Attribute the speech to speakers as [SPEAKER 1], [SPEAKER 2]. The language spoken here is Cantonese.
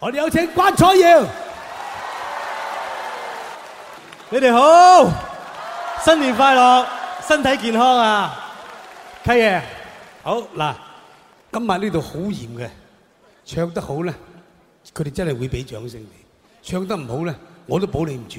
[SPEAKER 1] 我哋有請關楚耀，你哋好，新年快樂，身體健康啊，契爺，好嗱，今日呢度好嚴嘅，唱得好咧，佢哋真係會俾掌聲你，唱得唔好咧，我都保你唔住。